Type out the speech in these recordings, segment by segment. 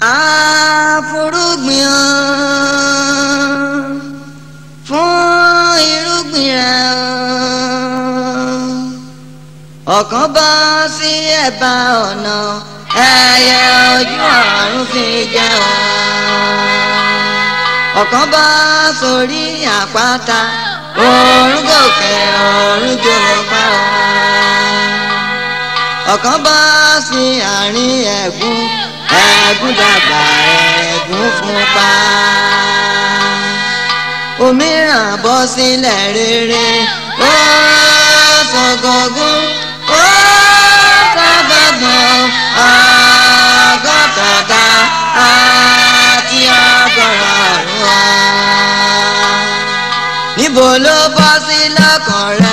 àforúgbìn fún bá sí ẹ̀bá ọ̀nà ẹyẹ ojú ọ̀run fi jẹun ọ̀kan bá sórí àpáta òórùn gòkè òórùn jòrò pa ọ̀kan bá sí àárín ẹ̀gún dàgbà ẹ̀gún fún pa. òmíràn bọ́ sílẹ̀ rere ó sọ̀gọ̀gún ó sọ̀gọ̀gbọ̀n ọgọ́tọ̀gá àti ọgọ́rọ̀ọ̀rún. níbo ló bọ́ sí lọ́kàn rẹ.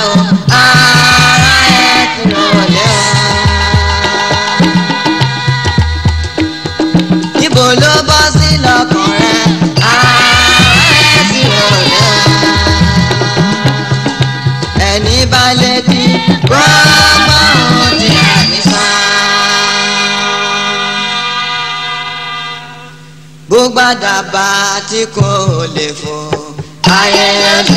tí kò lè fò é.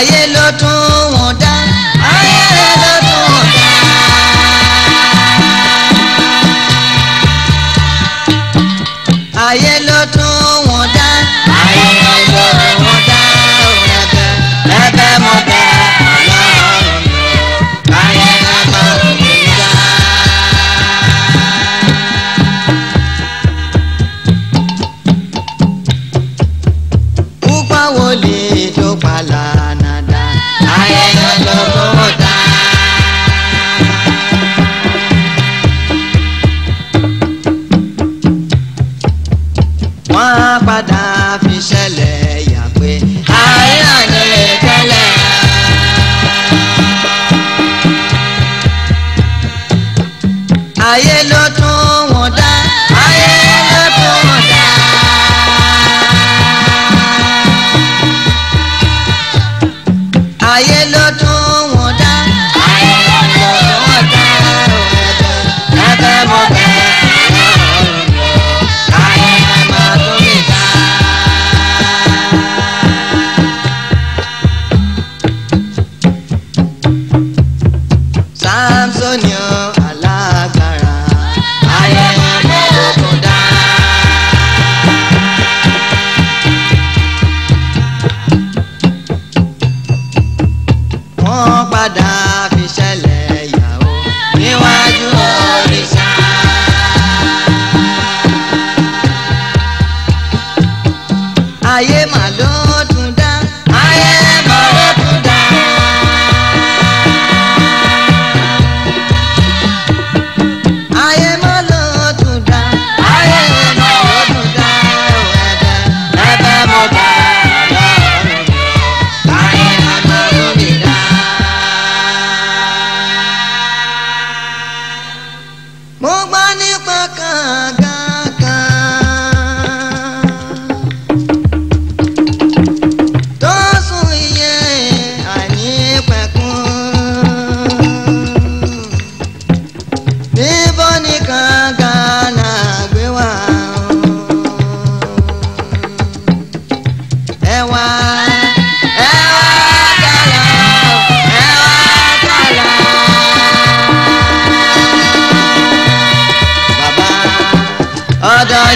ayé ló tún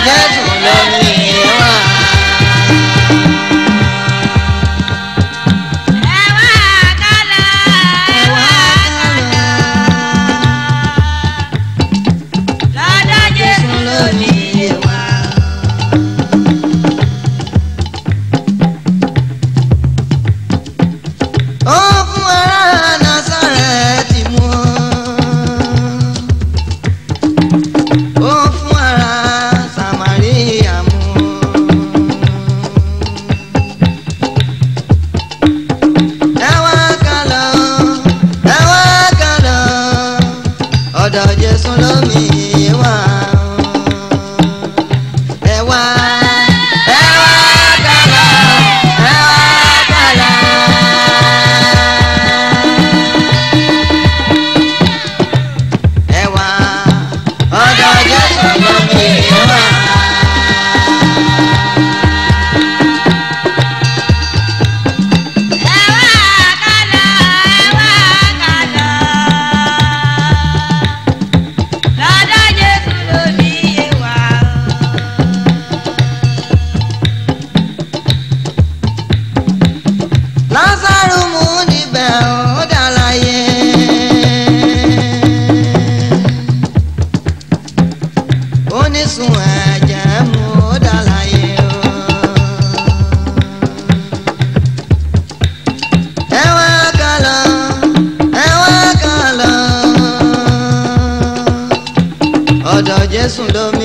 guess. yes, love me.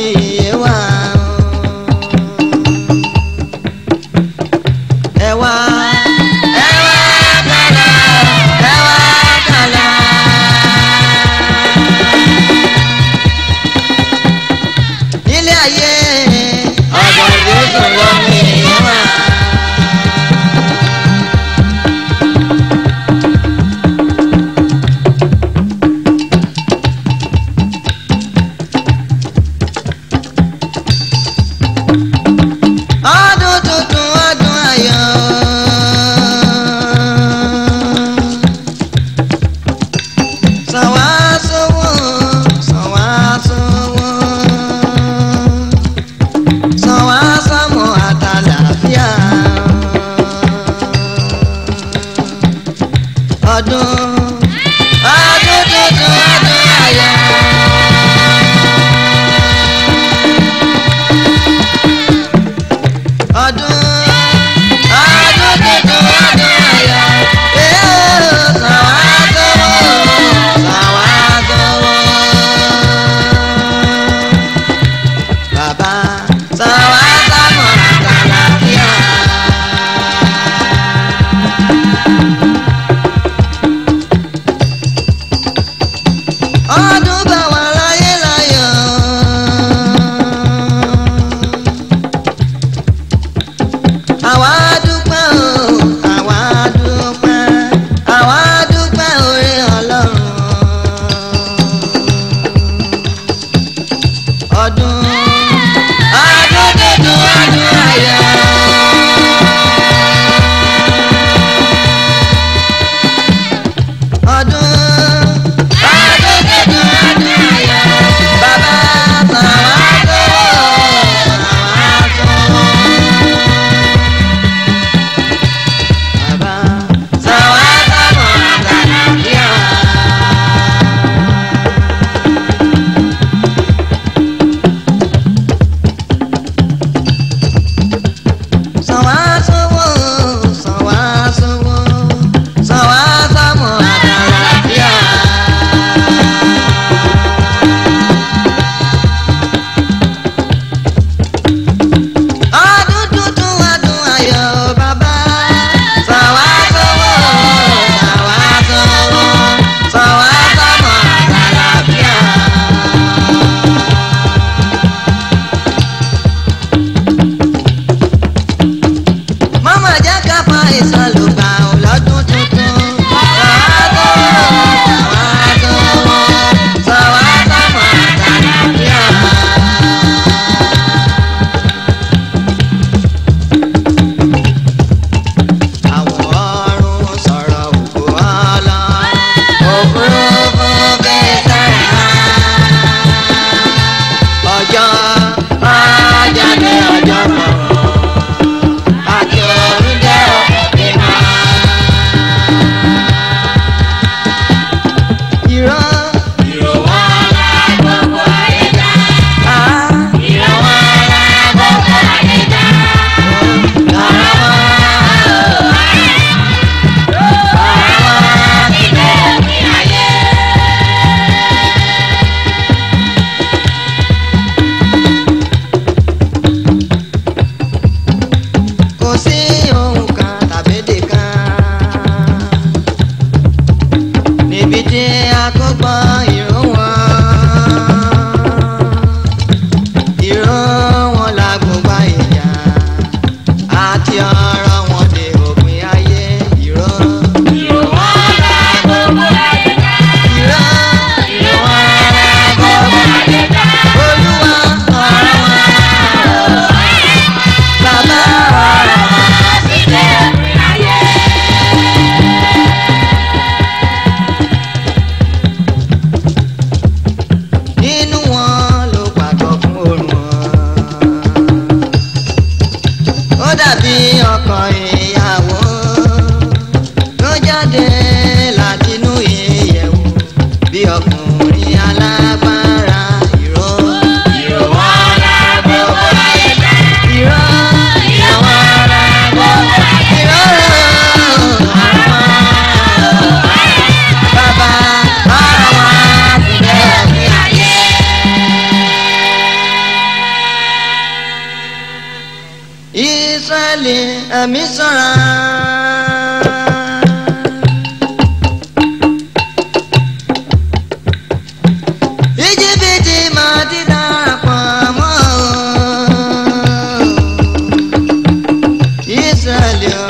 سلام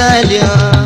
I love you.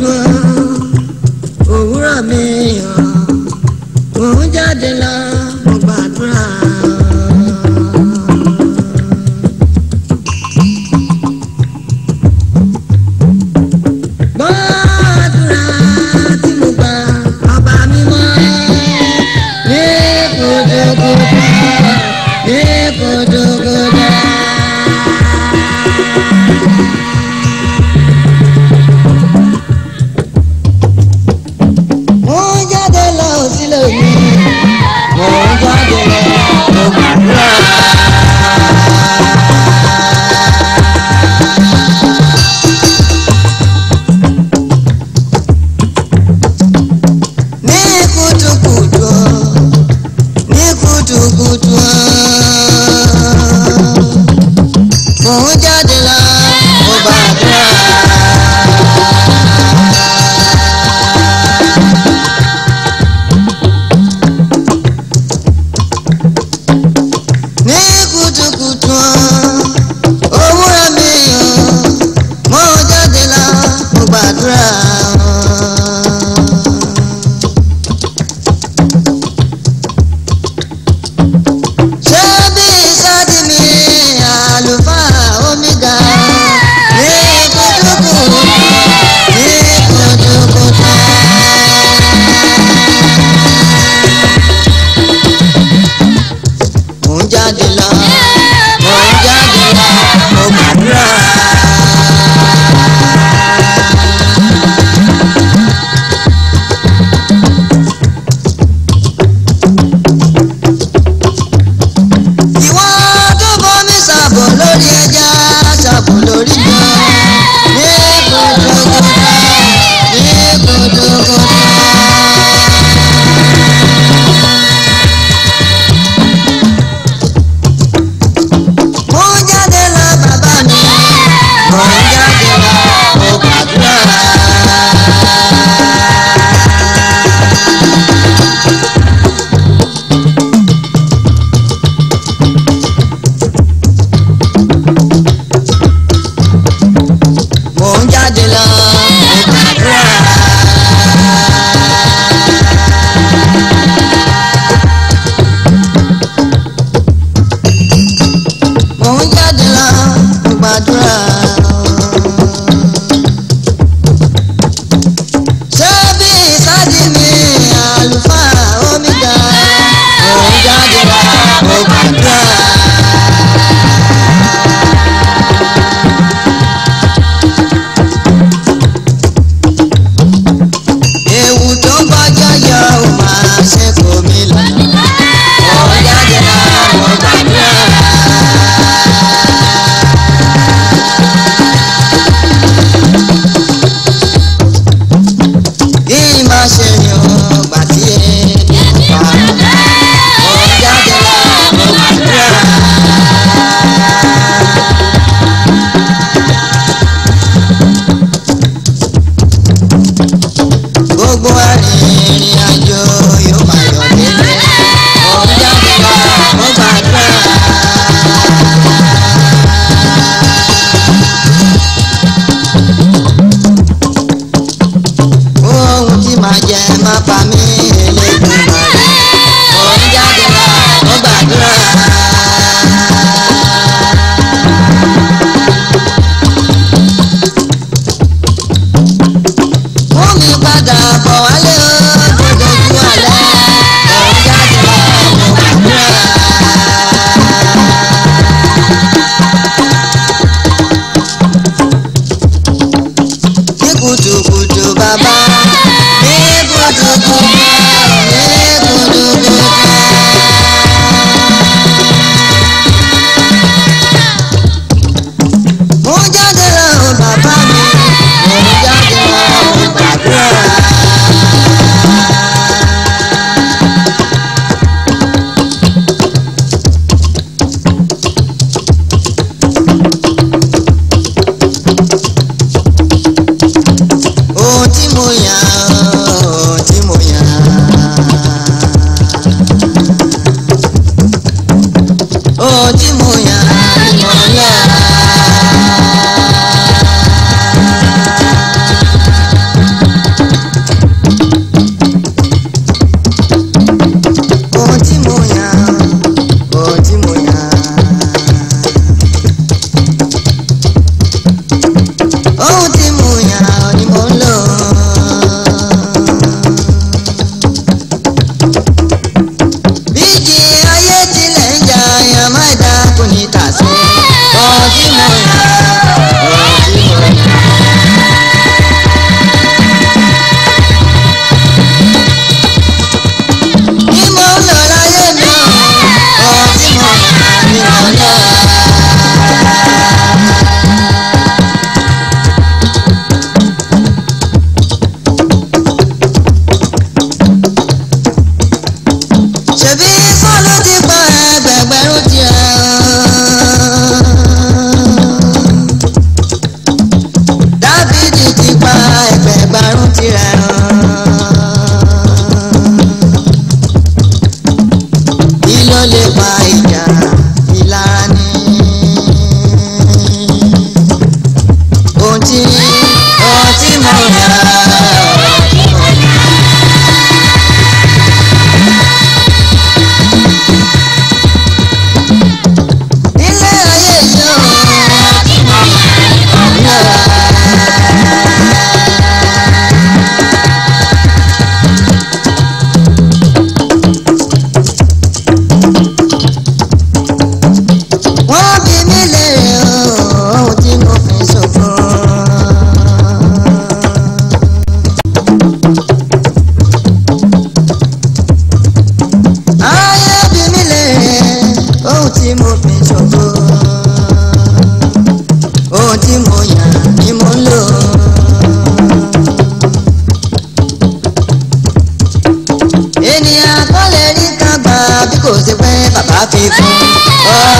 good. good one. àdúrà. Yeah.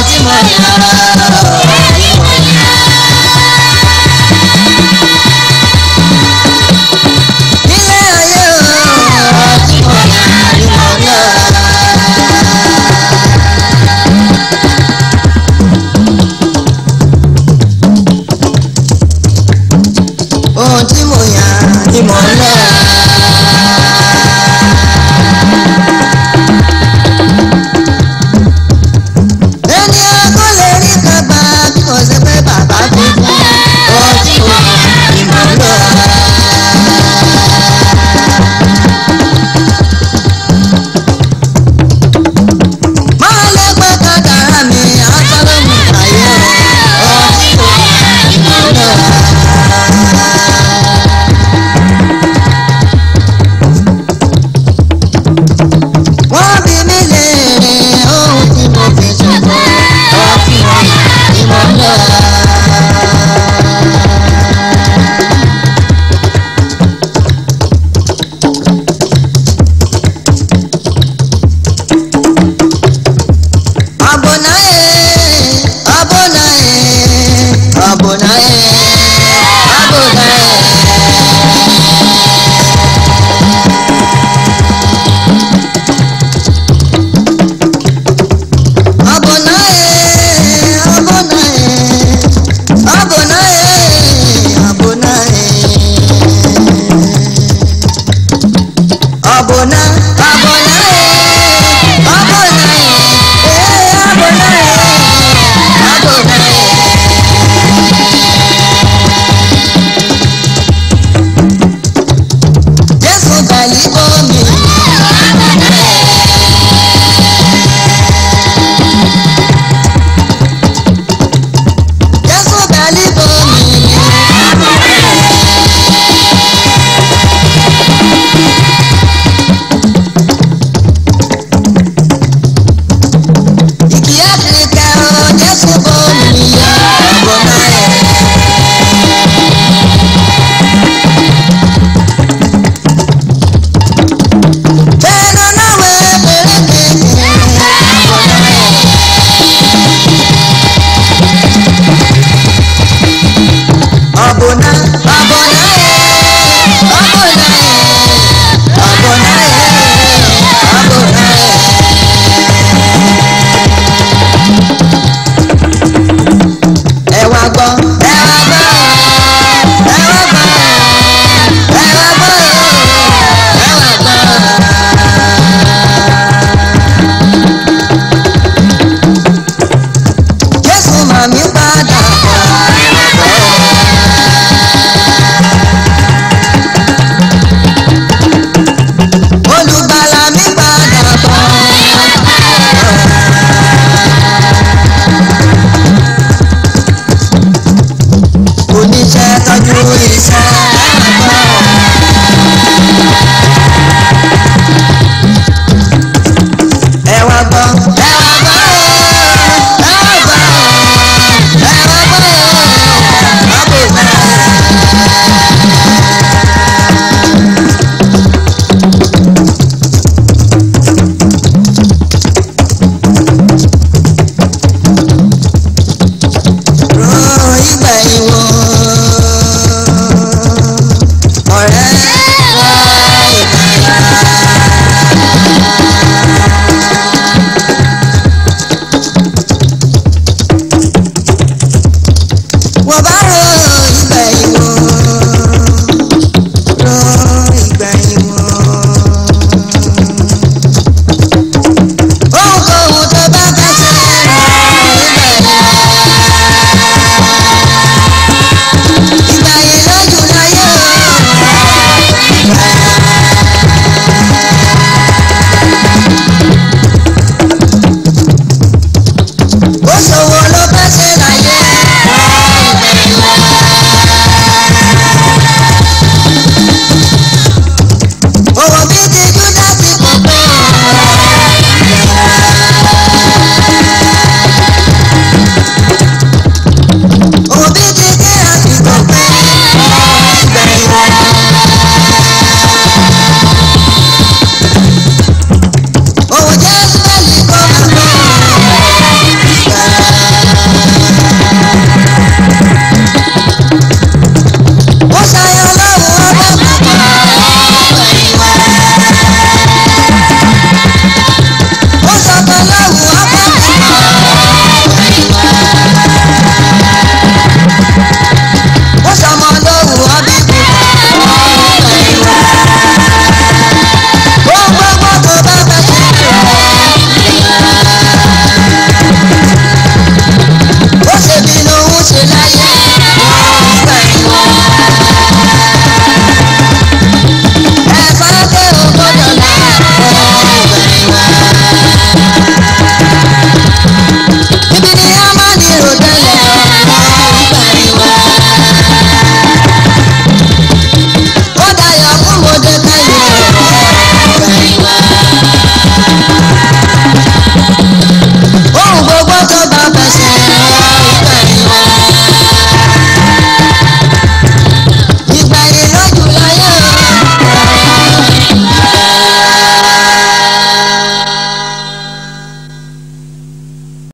ó ti